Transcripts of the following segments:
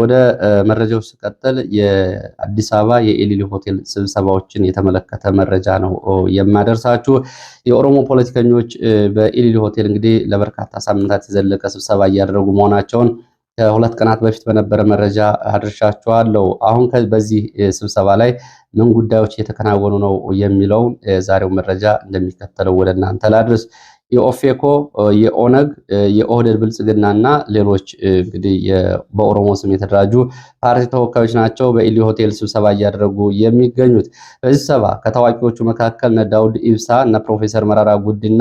ወደ መረጃው ስቀጥል የአዲስ አበባ የኤሊሊ ሆቴል ስብሰባዎችን የተመለከተ መረጃ ነው የማደርሳችሁ። የኦሮሞ ፖለቲከኞች በኤሊሊ ሆቴል እንግዲህ ለበርካታ ሳምንታት የዘለቀ ስብሰባ እያደረጉ መሆናቸውን ከሁለት ቀናት በፊት በነበረ መረጃ አድርሻችኋለሁ። አሁን በዚህ ስብሰባ ላይ ምን ጉዳዮች እየተከናወኑ ነው የሚለውን የዛሬው መረጃ እንደሚከተለው ወደ እናንተ ላድርስ። የኦፌኮ የኦነግ የኦህደድ ብልጽግናና ሌሎች እንግዲህ በኦሮሞ ስም የተደራጁ ፓርቲ ተወካዮች ናቸው በኢሊ ሆቴል ስብሰባ እያደረጉ የሚገኙት። በዚህ ስብሰባ ከታዋቂዎቹ መካከል እነ ዳውድ ኢብሳ እና ፕሮፌሰር መራራ ጉዲና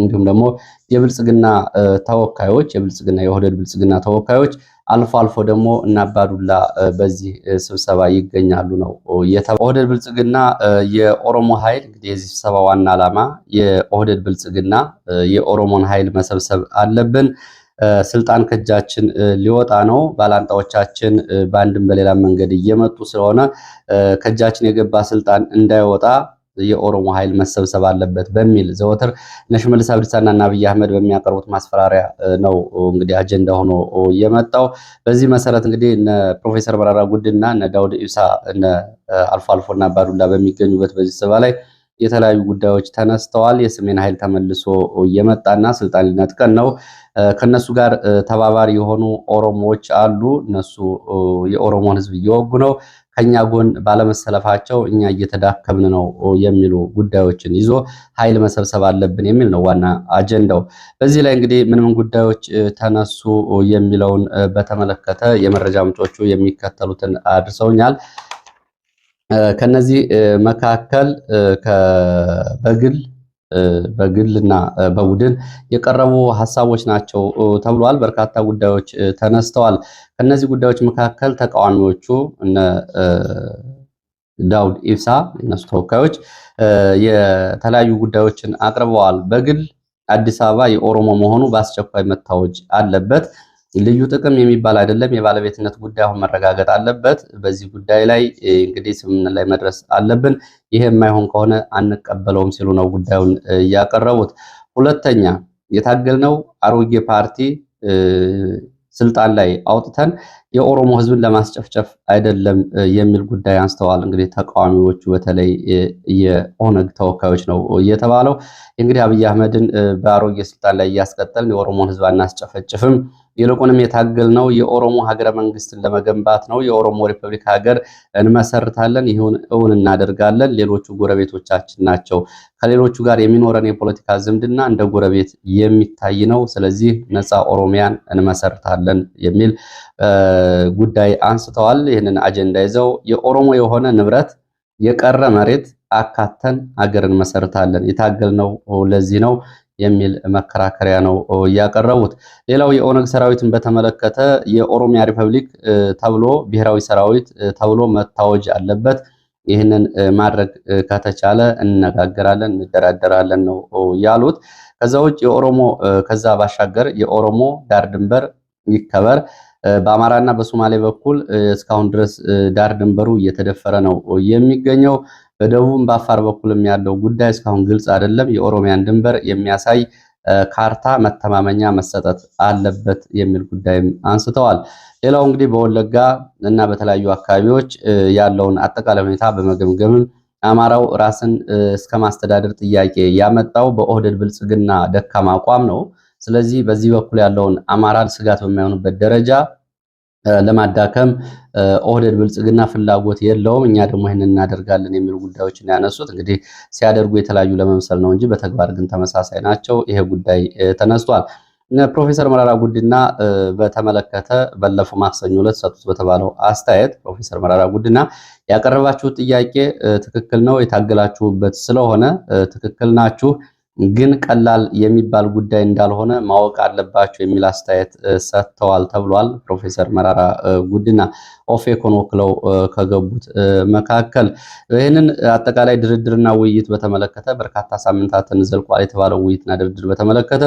እንዲሁም ደግሞ የብልጽግና ተወካዮች የብልጽግና የወደድ ብልጽግና ተወካዮች አልፎ አልፎ ደግሞ እናባዱላ በዚህ ስብሰባ ይገኛሉ ነው የተባለው። ብልጽግና የኦሮሞ ኃይል እንግዲህ የዚህ ስብሰባ ዋና ዓላማ የኦህዴድ ብልጽግና የኦሮሞን ኃይል መሰብሰብ አለብን፣ ስልጣን ከእጃችን ሊወጣ ነው፣ ባላንጣዎቻችን በአንድም በሌላ መንገድ እየመጡ ስለሆነ ከእጃችን የገባ ስልጣን እንዳይወጣ የኦሮሞ ኃይል መሰብሰብ አለበት በሚል ዘወትር እነ ሽመልስ አብዲሳና እና አብይ አህመድ በሚያቀርቡት ማስፈራሪያ ነው እንግዲህ አጀንዳ ሆኖ የመጣው። በዚህ መሰረት እንግዲህ እነ ፕሮፌሰር በራራ ጉዲና እነ ዳውድ ኢብሳ እነ አልፎ አልፎ እና አባዱላ በሚገኙበት በዚህ ስብሰባ ላይ የተለያዩ ጉዳዮች ተነስተዋል። የሰሜን ኃይል ተመልሶ እየመጣና ስልጣን ሊነጥቀን ነው ከነሱ ጋር ተባባሪ የሆኑ ኦሮሞዎች አሉ። እነሱ የኦሮሞን ህዝብ እየወጉ ነው። ከኛ ጎን ባለመሰለፋቸው እኛ እየተዳከምን ነው የሚሉ ጉዳዮችን ይዞ ኃይል መሰብሰብ አለብን የሚል ነው ዋና አጀንዳው። በዚህ ላይ እንግዲህ ምን ምን ጉዳዮች ተነሱ የሚለውን በተመለከተ የመረጃ ምንጮቹ የሚከተሉትን አድርሰውኛል። ከነዚህ መካከል በግል በግልና በቡድን የቀረቡ ሀሳቦች ናቸው ተብሏል። በርካታ ጉዳዮች ተነስተዋል። ከነዚህ ጉዳዮች መካከል ተቃዋሚዎቹ እነ ዳውድ ኢብሳ እነሱ ተወካዮች የተለያዩ ጉዳዮችን አቅርበዋል። በግል አዲስ አበባ የኦሮሞ መሆኑ በአስቸኳይ መታወጅ አለበት። ልዩ ጥቅም የሚባል አይደለም። የባለቤትነት ጉዳይ አሁን መረጋገጥ አለበት። በዚህ ጉዳይ ላይ እንግዲህ ስምምነት ላይ መድረስ አለብን። ይሄ የማይሆን ከሆነ አንቀበለውም ሲሉ ነው ጉዳዩን እያቀረቡት ሁለተኛ የታገልነው አሮጌ ፓርቲ ስልጣን ላይ አውጥተን የኦሮሞ ህዝብን ለማስጨፍጨፍ አይደለም የሚል ጉዳይ አንስተዋል። እንግዲህ ተቃዋሚዎቹ በተለይ የኦነግ ተወካዮች ነው እየተባለው እንግዲህ አብይ አህመድን በአሮጌ ስልጣን ላይ እያስቀጠልን የኦሮሞን ህዝብ አናስጨፈጭፍም ይልቁንም ነው የኦሮሞ ሀገረ መንግስትን ለመገንባት ነው። የኦሮሞ ሪፐብሊክ ሀገር እንመሰርታለን፣ ይሁን እውን እናደርጋለን። ሌሎቹ ጎረቤቶቻችን ናቸው። ከሌሎቹ ጋር የሚኖረን የፖለቲካ ዝምድና እንደ ጎረቤት የሚታይ ነው። ስለዚህ ነፃ ኦሮሚያን እንመሰርታለን የሚል ጉዳይ አንስተዋል። ይህንን አጀንዳ ይዘው የኦሮሞ የሆነ ንብረት የቀረ መሬት አካተን ሀገር እንመሰርታለን። የታገልነው ለዚህ ነው። የሚል መከራከሪያ ነው ያቀረቡት። ሌላው የኦነግ ሰራዊትን በተመለከተ የኦሮሚያ ሪፐብሊክ ተብሎ ብሔራዊ ሰራዊት ተብሎ መታወጅ አለበት። ይህንን ማድረግ ከተቻለ እንነጋገራለን፣ እንደራደራለን ነው ያሉት። ከዛ ውጭ የኦሮሞ ከዛ ባሻገር የኦሮሞ ዳር ድንበር ይከበር በአማራና በሶማሌ በኩል እስካሁን ድረስ ዳር ድንበሩ እየተደፈረ ነው የሚገኘው። በደቡብም በአፋር በኩልም ያለው ጉዳይ እስካሁን ግልጽ አይደለም። የኦሮሚያን ድንበር የሚያሳይ ካርታ መተማመኛ መሰጠት አለበት የሚል ጉዳይም አንስተዋል። ሌላው እንግዲህ በወለጋ እና በተለያዩ አካባቢዎች ያለውን አጠቃላይ ሁኔታ በመገምገምም አማራው ራስን እስከ ማስተዳደር ጥያቄ ያመጣው በኦህደድ ብልጽግና ደካማ አቋም ነው። ስለዚህ በዚህ በኩል ያለውን አማራን ስጋት በማይሆንበት ደረጃ ለማዳከም ኦህደድ ብልጽግና ፍላጎት የለውም፣ እኛ ደግሞ ይህን እናደርጋለን የሚሉ ጉዳዮችን ያነሱት እንግዲህ ሲያደርጉ የተለያዩ ለመምሰል ነው እንጂ በተግባር ግን ተመሳሳይ ናቸው። ይሄ ጉዳይ ተነስቷል። ፕሮፌሰር መራራ ጉዲና በተመለከተ ባለፈው ማክሰኞ ዕለት ሰጡት በተባለው አስተያየት ፕሮፌሰር መራራ ጉዲና ያቀረባችሁት ጥያቄ ትክክል ነው፣ የታገላችሁበት ስለሆነ ትክክል ናችሁ ግን ቀላል የሚባል ጉዳይ እንዳልሆነ ማወቅ አለባቸው የሚል አስተያየት ሰጥተዋል ተብሏል። ፕሮፌሰር መራራ ጉድና ኦፌኮን ወክለው ከገቡት መካከል ይህንን አጠቃላይ ድርድርና ውይይት በተመለከተ በርካታ ሳምንታትን ዘልቋል የተባለው ውይይትና ድርድር በተመለከተ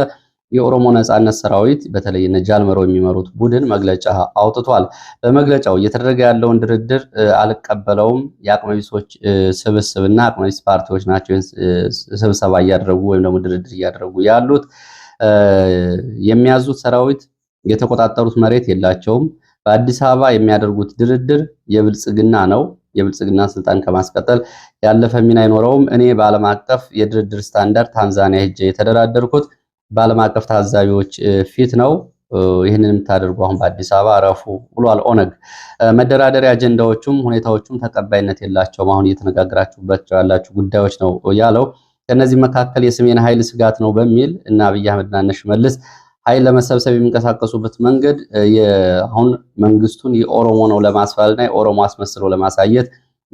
የኦሮሞ ነጻነት ሰራዊት በተለይ እነ ጃልመሮ የሚመሩት ቡድን መግለጫ አውጥቷል። በመግለጫው እየተደረገ ያለውን ድርድር አልቀበለውም፣ የአቅመቢሶች ስብስብና አቅመቢስ ፓርቲዎች ናቸው ስብሰባ እያደረጉ ወይም ደግሞ ድርድር እያደረጉ ያሉት። የሚያዙት ሰራዊት የተቆጣጠሩት መሬት የላቸውም። በአዲስ አበባ የሚያደርጉት ድርድር የብልጽግና ነው። የብልጽግና ስልጣን ከማስቀጠል ያለፈ ሚና አይኖረውም። እኔ በዓለም አቀፍ የድርድር ስታንዳርድ ታንዛኒያ ሄጄ የተደራደርኩት በዓለም አቀፍ ታዛቢዎች ፊት ነው። ይህንን የምታደርጉ አሁን በአዲስ አበባ አረፉ ብሏል ኦነግ። መደራደሪያ አጀንዳዎቹም ሁኔታዎቹም ተቀባይነት የላቸውም፣ አሁን እየተነጋገራችሁባቸው ያላችሁ ጉዳዮች ነው ያለው። ከእነዚህ መካከል የሰሜን ኃይል ስጋት ነው በሚል እና አብይ አህመድና እነ ሽመልስ ኃይል ለመሰብሰብ የሚንቀሳቀሱበት መንገድ አሁን መንግስቱን የኦሮሞ ነው ለማስባልና የኦሮሞ አስመስሎ ለማሳየት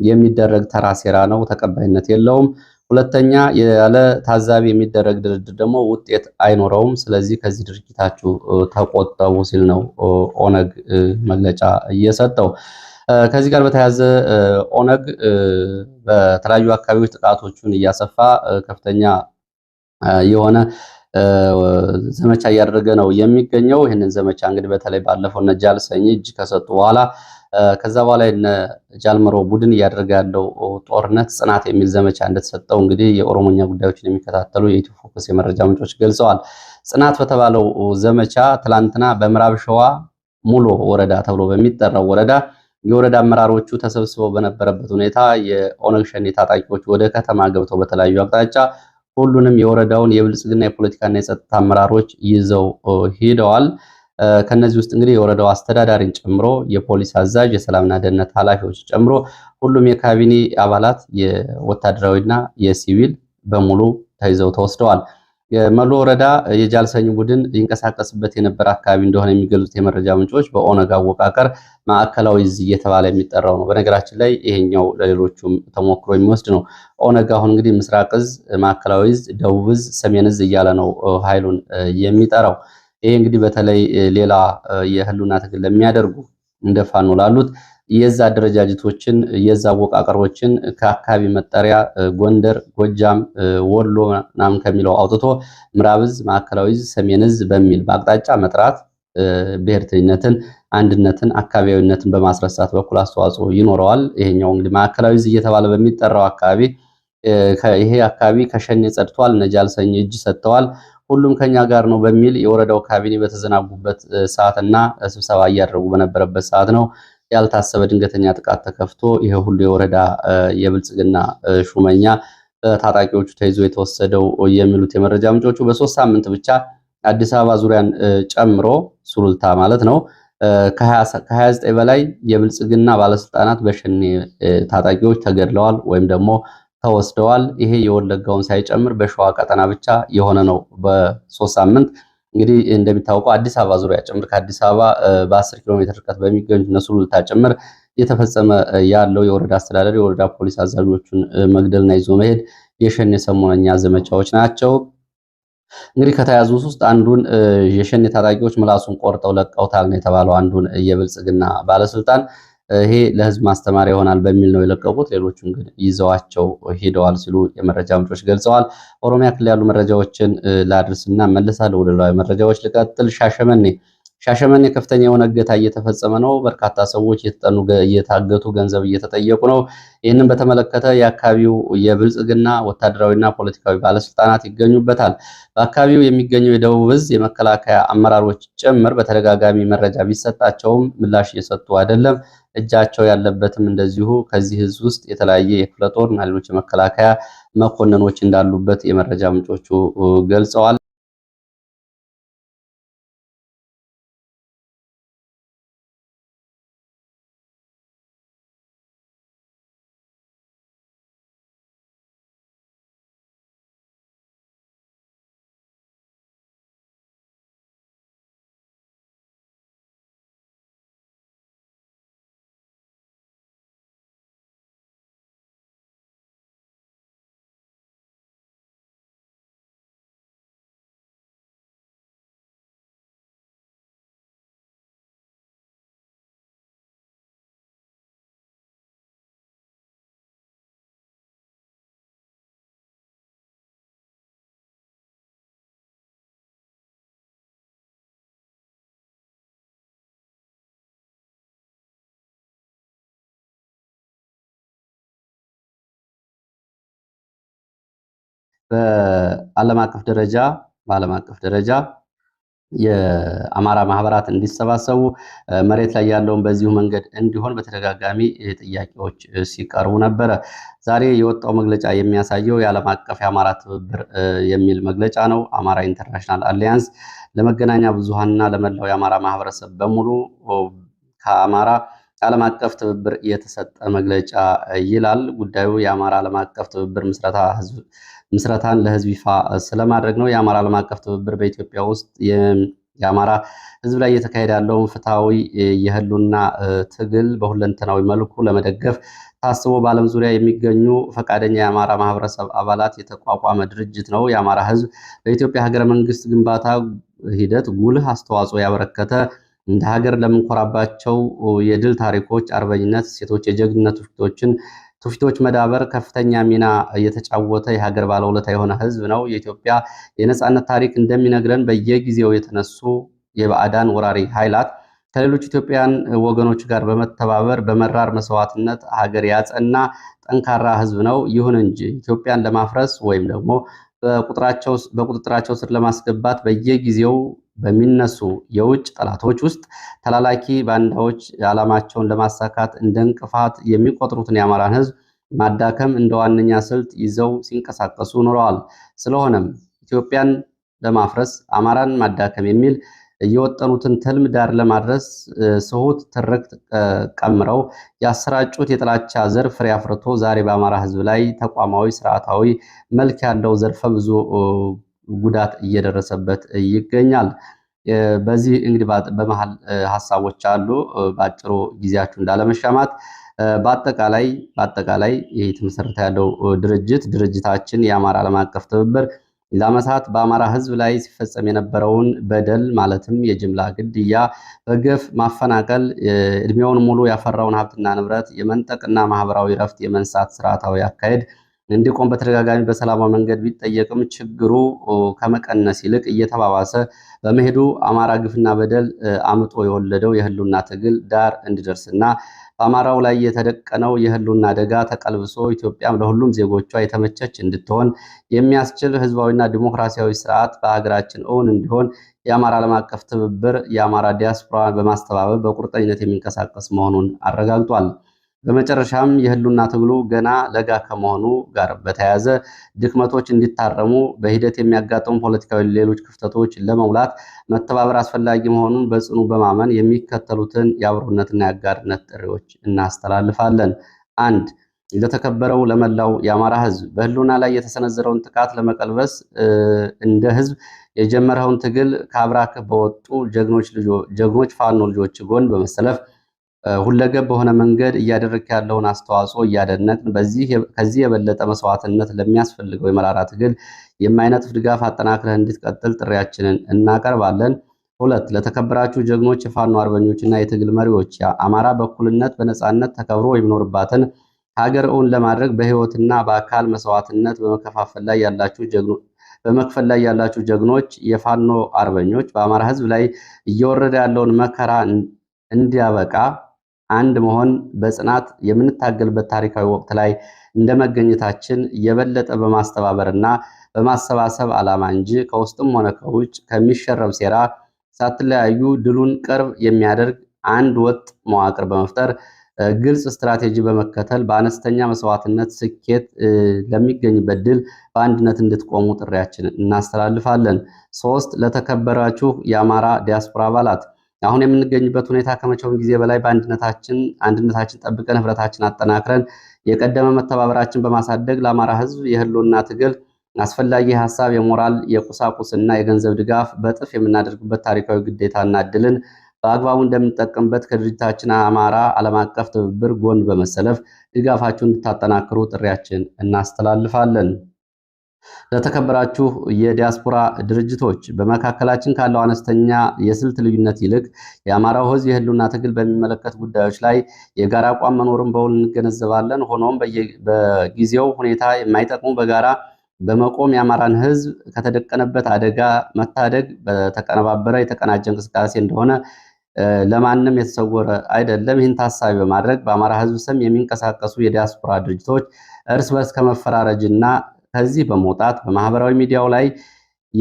የሚደረግ ተራ ሴራ ነው፣ ተቀባይነት የለውም። ሁለተኛ ያለ ታዛቢ የሚደረግ ድርድር ደግሞ ውጤት አይኖረውም። ስለዚህ ከዚህ ድርጊታችሁ ተቆጠቡ ሲል ነው ኦነግ መግለጫ እየሰጠው። ከዚህ ጋር በተያያዘ ኦነግ በተለያዩ አካባቢዎች ጥቃቶቹን እያሰፋ ከፍተኛ የሆነ ዘመቻ እያደረገ ነው የሚገኘው። ይህንን ዘመቻ እንግዲህ በተለይ ባለፈው እነ ጃል ሰኝ እጅ ከሰጡ በኋላ ከዛ በኋላ እነ ጃልመሮ ቡድን እያደረገ ያለው ጦርነት ጽናት የሚል ዘመቻ እንደተሰጠው እንግዲህ የኦሮሞኛ ጉዳዮችን የሚከታተሉ የኢትዮ ፎከስ የመረጃ ምንጮች ገልጸዋል። ጽናት በተባለው ዘመቻ ትላንትና በምዕራብ ሸዋ ሙሎ ወረዳ ተብሎ በሚጠራው ወረዳ የወረዳ አመራሮቹ ተሰብስበው በነበረበት ሁኔታ የኦነግ ሸኔ ታጣቂዎች ወደ ከተማ ገብተው በተለያዩ አቅጣጫ ሁሉንም የወረዳውን የብልጽግና የፖለቲካና የጸጥታ አመራሮች ይዘው ሂደዋል። ከነዚህ ውስጥ እንግዲህ የወረዳው አስተዳዳሪን ጨምሮ የፖሊስ አዛዥ፣ የሰላምና ደህንነት ኃላፊዎች ጨምሮ ሁሉም የካቢኔ አባላት የወታደራዊና የሲቪል በሙሉ ተይዘው ተወስደዋል። የመሎ ወረዳ የጃልሰኝ ቡድን ይንቀሳቀስበት የነበረ አካባቢ እንደሆነ የሚገልጹት የመረጃ ምንጮች በኦነግ አወቃቀር ማዕከላዊ እዝ እየተባለ የሚጠራው ነው። በነገራችን ላይ ይሄኛው ለሌሎቹም ተሞክሮ የሚወስድ ነው። ኦነግ አሁን እንግዲህ ምስራቅ እዝ፣ ማዕከላዊ እዝ፣ ደቡብ እዝ፣ ሰሜን እዝ እያለ ነው ኃይሉን የሚጠራው። ይሄ እንግዲህ በተለይ ሌላ የህልውና ትግል ለሚያደርጉ እንደ ፋኖ ላሉት የዛ አደረጃጀቶችን የዛ አወቃቀሮችን ከአካባቢ መጠሪያ ጎንደር፣ ጎጃም፣ ወሎ ምናምን ከሚለው አውጥቶ ምራብዝ፣ ዕዝ፣ ማዕከላዊ ሰሜን በሚል በአቅጣጫ መጥራት ብሔርተኝነትን፣ አንድነትን፣ አካባቢያዊነትን በማስረሳት በኩል አስተዋጽኦ ይኖረዋል። ይሄኛው እንግዲህ ማዕከላዊ እየተባለ በሚጠራው አካባቢ ይሄ አካባቢ ከሸኔ ጸድቷል፣ ነጃልሰኝ እጅ ሰጥተዋል፣ ሁሉም ከኛ ጋር ነው በሚል የወረዳው ካቢኔ በተዘናጉበት ሰዓት እና ስብሰባ እያደረጉ በነበረበት ሰዓት ነው ያልታሰበ ድንገተኛ ጥቃት ተከፍቶ ይሄ ሁሉ የወረዳ የብልጽግና ሹመኛ በታጣቂዎቹ ተይዞ የተወሰደው የሚሉት የመረጃ ምንጮቹ በሶስት ሳምንት ብቻ አዲስ አበባ ዙሪያን ጨምሮ ሱሉልታ ማለት ነው ከ29 በላይ የብልጽግና ባለስልጣናት በሸኔ ታጣቂዎች ተገድለዋል ወይም ደግሞ ተወስደዋል። ይሄ የወለጋውን ሳይጨምር በሸዋ ቀጠና ብቻ የሆነ ነው። በሶስት ሳምንት እንግዲህ እንደሚታወቀው አዲስ አበባ ዙሪያ ጭምር ከአዲስ አበባ በ10 ኪሎ ሜትር ርቀት በሚገኙ እነሱ ሉልታ ጭምር እየተፈጸመ ያለው የወረዳ አስተዳደር የወረዳ ፖሊስ አዛዦቹን መግደልና ይዞ መሄድ የሸኔ ሰሞነኛ ዘመቻዎች ናቸው። እንግዲህ ከተያዙት ውስጥ አንዱን የሸኔ ታጣቂዎች ምላሱን ቆርጠው ለቀውታል ነው የተባለው አንዱን የብልጽግና ባለስልጣን ይሄ ለህዝብ ማስተማሪያ ይሆናል በሚል ነው የለቀቁት። ሌሎቹን ግን ይዘዋቸው ሄደዋል ሲሉ የመረጃ ምንጮች ገልጸዋል። ኦሮሚያ ክልል ያሉ መረጃዎችን ላድርስና መልሳለሁ ወደ መረጃዎች ልቀጥል። ሻሸመኔ ሻሸመኔ ከፍተኛ የሆነ እገታ እየተፈጸመ ነው። በርካታ ሰዎች የተጠኑ እየታገቱ ገንዘብ እየተጠየቁ ነው። ይህንን በተመለከተ የአካባቢው የብልጽግና ወታደራዊና ፖለቲካዊ ባለስልጣናት ይገኙበታል። በአካባቢው የሚገኘው የደቡብ እዝ የመከላከያ አመራሮች ጭምር በተደጋጋሚ መረጃ ቢሰጣቸውም ምላሽ እየሰጡ አይደለም። እጃቸው ያለበትም እንደዚሁ ከዚህ እዝ ውስጥ የተለያየ የክፍለ ጦር ሌሎች የመከላከያ መኮንኖች እንዳሉበት የመረጃ ምንጮቹ ገልጸዋል። በዓለም አቀፍ ደረጃ በዓለም አቀፍ ደረጃ የአማራ ማህበራት እንዲሰባሰቡ መሬት ላይ ያለውን በዚሁ መንገድ እንዲሆን በተደጋጋሚ ጥያቄዎች ሲቀርቡ ነበረ። ዛሬ የወጣው መግለጫ የሚያሳየው የዓለም አቀፍ የአማራ ትብብር የሚል መግለጫ ነው። አማራ ኢንተርናሽናል አሊያንስ ለመገናኛ ብዙሃንና ለመላው የአማራ ማህበረሰብ በሙሉ ከአማራ ዓለም አቀፍ ትብብር የተሰጠ መግለጫ ይላል። ጉዳዩ የአማራ ዓለም አቀፍ ትብብር ምስረታን ለህዝብ ይፋ ስለማድረግ ነው። የአማራ ዓለም አቀፍ ትብብር በኢትዮጵያ ውስጥ የአማራ ህዝብ ላይ እየተካሄደ ያለውን ፍትሐዊ የህሉና ትግል በሁለንተናዊ መልኩ ለመደገፍ ታስቦ በዓለም ዙሪያ የሚገኙ ፈቃደኛ የአማራ ማህበረሰብ አባላት የተቋቋመ ድርጅት ነው። የአማራ ህዝብ በኢትዮጵያ ሀገረ መንግስት ግንባታ ሂደት ጉልህ አስተዋጽኦ ያበረከተ እንደ ሀገር ለምንኮራባቸው የድል ታሪኮች አርበኝነት ሴቶች የጀግንነት ትውፊቶችን ትውፊቶች መዳበር ከፍተኛ ሚና የተጫወተ የሀገር ባለውለታ የሆነ ህዝብ ነው። የኢትዮጵያ የነፃነት ታሪክ እንደሚነግረን በየጊዜው የተነሱ የባዕዳን ወራሪ ኃይላት ከሌሎች ኢትዮጵያን ወገኖች ጋር በመተባበር በመራር መስዋዕትነት ሀገር ያጸና ጠንካራ ህዝብ ነው። ይሁን እንጂ ኢትዮጵያን ለማፍረስ ወይም ደግሞ በቁጥጥራቸው ስር ለማስገባት በየጊዜው በሚነሱ የውጭ ጠላቶች ውስጥ ተላላኪ ባንዳዎች የዓላማቸውን ለማሳካት እንደ እንቅፋት የሚቆጥሩትን የአማራን ህዝብ ማዳከም እንደ ዋነኛ ስልት ይዘው ሲንቀሳቀሱ ኑረዋል ስለሆነም ኢትዮጵያን ለማፍረስ አማራን ማዳከም የሚል የወጠኑትን ትልም ዳር ለማድረስ ስሁት ትርክት ቀምረው ያሰራጩት የጥላቻ ዘር ፍሬ አፍርቶ ዛሬ በአማራ ህዝብ ላይ ተቋማዊ፣ ስርዓታዊ መልክ ያለው ዘርፈ ብዙ ጉዳት እየደረሰበት ይገኛል። በዚህ እንግዲህ በመሀል ሀሳቦች አሉ። በአጭሩ ጊዜያችሁ እንዳለመሻማት በአጠቃላይ በአጠቃላይ ይህ የተመሰረተ ያለው ድርጅት ድርጅታችን የአማራ ዓለም አቀፍ ትብብር ለዓመታት በአማራ ሕዝብ ላይ ሲፈጸም የነበረውን በደል ማለትም የጅምላ ግድያ፣ በገፍ ማፈናቀል፣ እድሜውን ሙሉ ያፈራውን ሀብትና ንብረት የመንጠቅና ማህበራዊ ረፍት የመንሳት ስርዓታዊ አካሄድ እንዲቆም በተደጋጋሚ በሰላማዊ መንገድ ቢጠየቅም ችግሩ ከመቀነስ ይልቅ እየተባባሰ በመሄዱ አማራ ግፍና በደል አምጦ የወለደው የህልውና ትግል ዳር እንዲደርስና በአማራው ላይ የተደቀነው የህሉና አደጋ ተቀልብሶ ኢትዮጵያም ለሁሉም ዜጎቿ የተመቸች እንድትሆን የሚያስችል ህዝባዊና ዲሞክራሲያዊ ስርዓት በሀገራችን እውን እንዲሆን የአማራ ዓለም አቀፍ ትብብር የአማራ ዲያስፖራ በማስተባበር በቁርጠኝነት የሚንቀሳቀስ መሆኑን አረጋግጧል። በመጨረሻም የህልውና ትግሉ ገና ለጋ ከመሆኑ ጋር በተያያዘ ድክመቶች እንዲታረሙ በሂደት የሚያጋጥሙ ፖለቲካዊ ሌሎች ክፍተቶች ለመሙላት መተባበር አስፈላጊ መሆኑን በጽኑ በማመን የሚከተሉትን የአብሮነትና የአጋርነት ጥሪዎች እናስተላልፋለን። አንድ ለተከበረው ለመላው የአማራ ህዝብ በህልና ላይ የተሰነዘረውን ጥቃት ለመቀልበስ እንደ ህዝብ የጀመረውን ትግል ከአብራክህ በወጡ ጀግኖች ፋኖ ልጆች ጎን በመሰለፍ ሁለገብ በሆነ መንገድ እያደረግክ ያለውን አስተዋጽኦ እያደነቅን ከዚህ የበለጠ መስዋዕትነት ለሚያስፈልገው የመራራ ትግል የማይነጥፍ ድጋፍ አጠናክረህ እንድትቀጥል ጥሪያችንን እናቀርባለን። ሁለት ለተከበራችሁ ጀግኖች የፋኖ አርበኞችና የትግል መሪዎች አማራ በኩልነት በነፃነት ተከብሮ የሚኖርባትን ሀገር እውን ለማድረግ በህይወትና በአካል መስዋዕትነት በመከፋፈል ላይ ያላችሁ ጀግኖች በመክፈል ላይ ያላችሁ ጀግኖች የፋኖ አርበኞች በአማራ ህዝብ ላይ እየወረደ ያለውን መከራ እንዲያበቃ አንድ መሆን በጽናት የምንታገልበት ታሪካዊ ወቅት ላይ እንደመገኘታችን የበለጠ በማስተባበርና በማሰባሰብ ዓላማ እንጂ ከውስጥም ሆነ ከውጭ ከሚሸረብ ሴራ ሳትለያዩ ድሉን ቅርብ የሚያደርግ አንድ ወጥ መዋቅር በመፍጠር ግልጽ ስትራቴጂ በመከተል በአነስተኛ መስዋዕትነት ስኬት ለሚገኝበት ድል በአንድነት እንድትቆሙ ጥሪያችን እናስተላልፋለን። ሶስት ለተከበራችሁ የአማራ ዲያስፖራ አባላት አሁን የምንገኝበት ሁኔታ ከመቼውም ጊዜ በላይ በአንድነታችን አንድነታችን ጠብቀን ህብረታችን አጠናክረን የቀደመ መተባበራችን በማሳደግ ለአማራ ህዝብ የህልውና ትግል አስፈላጊ ሀሳብ፣ የሞራል የቁሳቁስና የገንዘብ ድጋፍ በጥፍ የምናደርግበት ታሪካዊ ግዴታና እድልን በአግባቡ እንደምንጠቀምበት ከድርጅታችን አማራ ዓለም አቀፍ ትብብር ጎን በመሰለፍ ድጋፋችሁን እንድታጠናክሩ ጥሪያችን እናስተላልፋለን። ለተከበራችሁ የዲያስፖራ ድርጅቶች በመካከላችን ካለው አነስተኛ የስልት ልዩነት ይልቅ የአማራው ሕዝብ የህልውና ትግል በሚመለከት ጉዳዮች ላይ የጋራ አቋም መኖሩን በውል እንገነዘባለን። ሆኖም በጊዜው ሁኔታ የማይጠቅሙ በጋራ በመቆም የአማራን ሕዝብ ከተደቀነበት አደጋ መታደግ በተቀነባበረ የተቀናጀ እንቅስቃሴ እንደሆነ ለማንም የተሰወረ አይደለም። ይህን ታሳቢ በማድረግ በአማራ ሕዝብ ስም የሚንቀሳቀሱ የዲያስፖራ ድርጅቶች እርስ በርስ ከመፈራረጅና ከዚህ በመውጣት በማህበራዊ ሚዲያው ላይ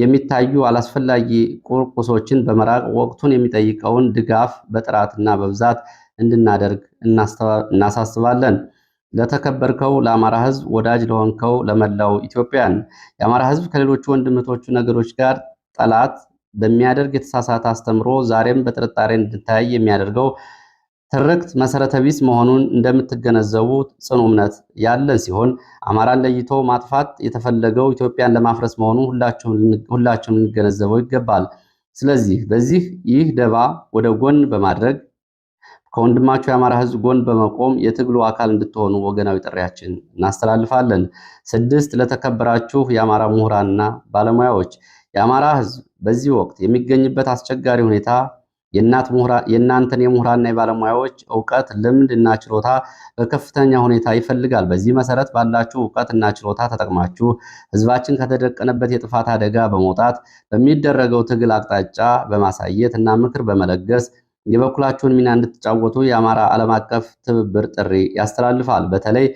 የሚታዩ አላስፈላጊ ቁርቁሶችን በመራቅ ወቅቱን የሚጠይቀውን ድጋፍ በጥራትና በብዛት እንድናደርግ እናሳስባለን። ለተከበርከው ለአማራ ሕዝብ ወዳጅ ለሆንከው ለመላው ኢትዮጵያን የአማራ ሕዝብ ከሌሎቹ ወንድምቶቹ ነገሮች ጋር ጠላት በሚያደርግ የተሳሳተ አስተምሮ ዛሬም በጥርጣሬ እንድታይ የሚያደርገው ትርክት መሰረተ ቢስ መሆኑን እንደምትገነዘቡ ጽኑ እምነት ያለን ሲሆን አማራን ለይቶ ማጥፋት የተፈለገው ኢትዮጵያን ለማፍረስ መሆኑ ሁላችሁም ልንገነዘበው ይገባል። ስለዚህ በዚህ ይህ ደባ ወደ ጎን በማድረግ ከወንድማቸው የአማራ ሕዝብ ጎን በመቆም የትግሉ አካል እንድትሆኑ ወገናዊ ጥሪያችን እናስተላልፋለን። ስድስት ለተከበራችሁ የአማራ ምሁራንና ባለሙያዎች የአማራ ሕዝብ በዚህ ወቅት የሚገኝበት አስቸጋሪ ሁኔታ የእናንተን የምሁራንና የባለሙያዎች እውቀት፣ ልምድ እና ችሎታ በከፍተኛ ሁኔታ ይፈልጋል። በዚህ መሰረት ባላችሁ እውቀት እና ችሎታ ተጠቅማችሁ ሕዝባችን ከተደቀነበት የጥፋት አደጋ በመውጣት በሚደረገው ትግል አቅጣጫ በማሳየት እና ምክር በመለገስ የበኩላችሁን ሚና እንድትጫወቱ የአማራ ዓለም አቀፍ ትብብር ጥሪ ያስተላልፋል። በተለይ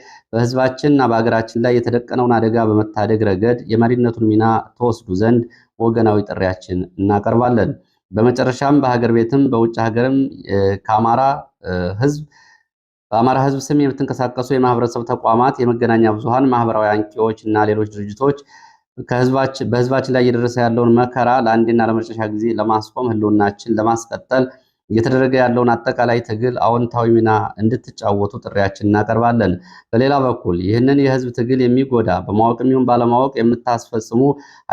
እና በሀገራችን ላይ የተደቀነውን አደጋ በመታደግ ረገድ የመሪነቱን ሚና ተወስዱ ዘንድ ወገናዊ ጥሪያችን እናቀርባለን። በመጨረሻም በሀገር ቤትም በውጭ ሀገርም ከአማራ ህዝብ በአማራ ህዝብ ስም የምትንቀሳቀሱ የማህበረሰብ ተቋማት፣ የመገናኛ ብዙሃን፣ ማህበራዊ አንቂዎች እና ሌሎች ድርጅቶች በህዝባችን ላይ እየደረሰ ያለውን መከራ ለአንዴና ለመጨረሻ ጊዜ ለማስቆም ህልውናችን ለማስቀጠል እየተደረገ ያለውን አጠቃላይ ትግል አዎንታዊ ሚና እንድትጫወቱ ጥሪያችን እናቀርባለን። በሌላ በኩል ይህንን የህዝብ ትግል የሚጎዳ በማወቅ የሚሆን ባለማወቅ የምታስፈጽሙ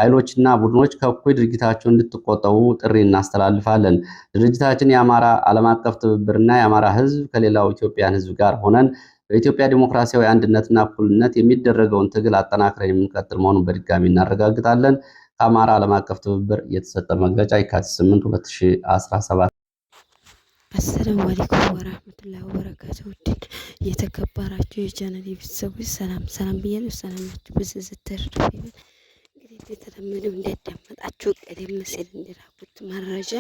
ኃይሎችና ቡድኖች ከእኩይ ድርጊታቸው እንድትቆጠቡ ጥሪ እናስተላልፋለን። ድርጅታችን የአማራ ዓለም አቀፍ ትብብርና የአማራ ህዝብ ከሌላው ኢትዮጵያን ህዝብ ጋር ሆነን በኢትዮጵያ ዲሞክራሲያዊ አንድነትና እኩልነት የሚደረገውን ትግል አጠናክረን የምንቀጥል መሆኑን በድጋሚ እናረጋግጣለን። ከአማራ ዓለም አቀፍ ትብብር የተሰጠ መግለጫ የካቲት 8 2017 አሰላሙ አለይኩም ወራህመቱላሂ ወበረካቱሁ። ውድን የተከበራችሁ የቻናል የቤተሰቦች ሰላም ሰላም ብያለሁ። ሰላማችሁ ብዝዝ ተርፍ እንግዲህ የተለመደው እንዳዳመጣችሁ ቀደም ሲል እንደላኩት መረጃ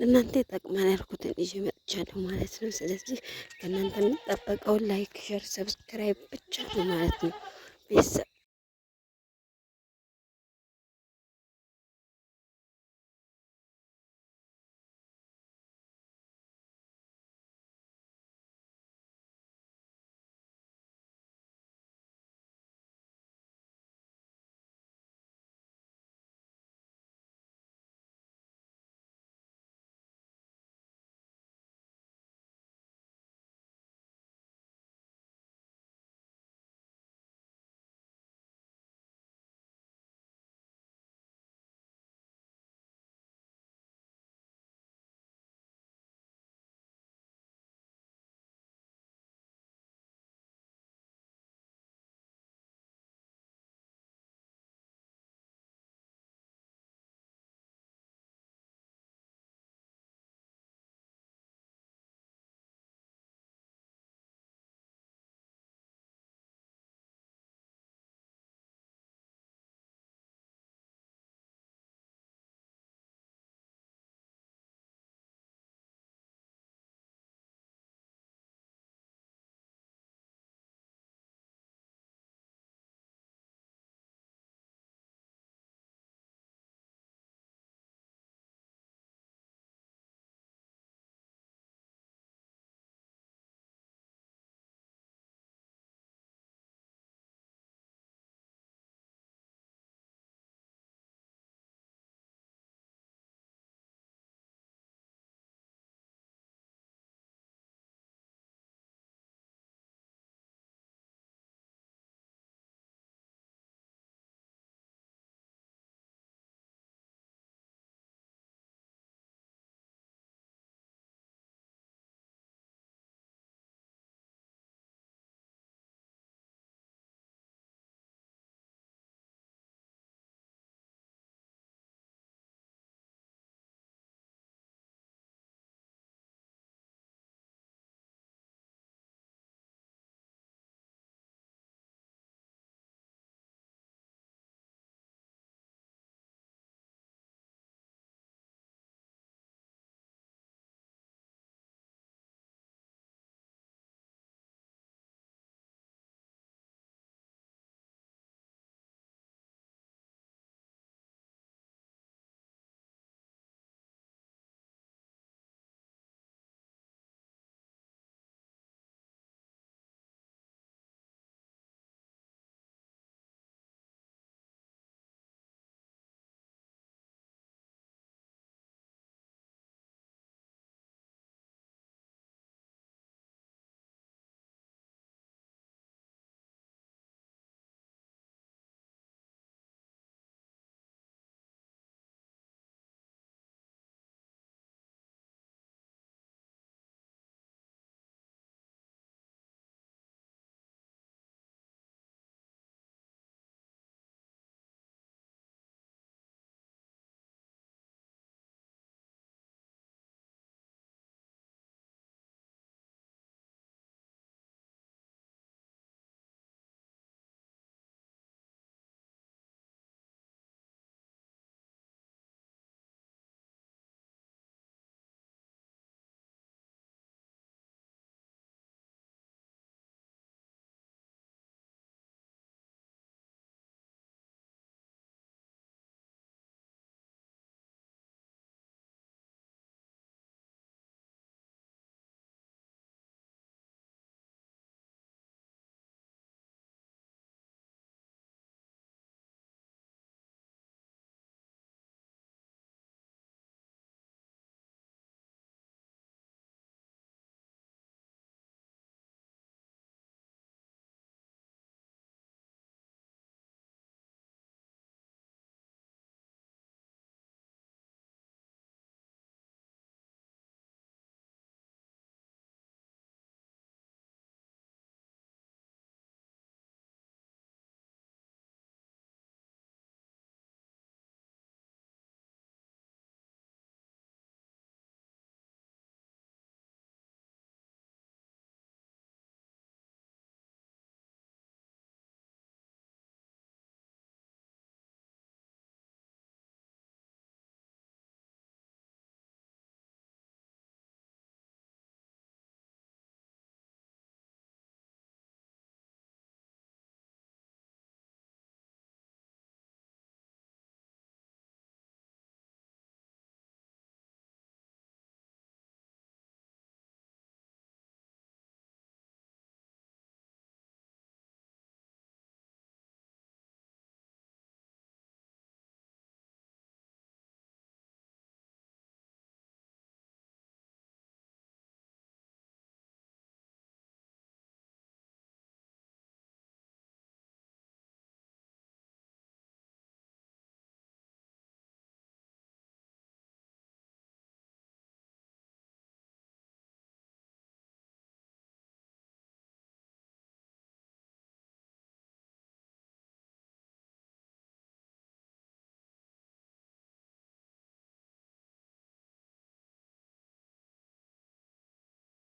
ለእናንተ ይጠቅማል ያልኩትን ይዤ መጥቻለሁ ማለት ነው። ስለዚህ ከእናንተ የምጠበቀውን ላይክ፣ ሸር፣ ሰብስክራይብ ብቻ ነው ማለት ነው ቤተሰብ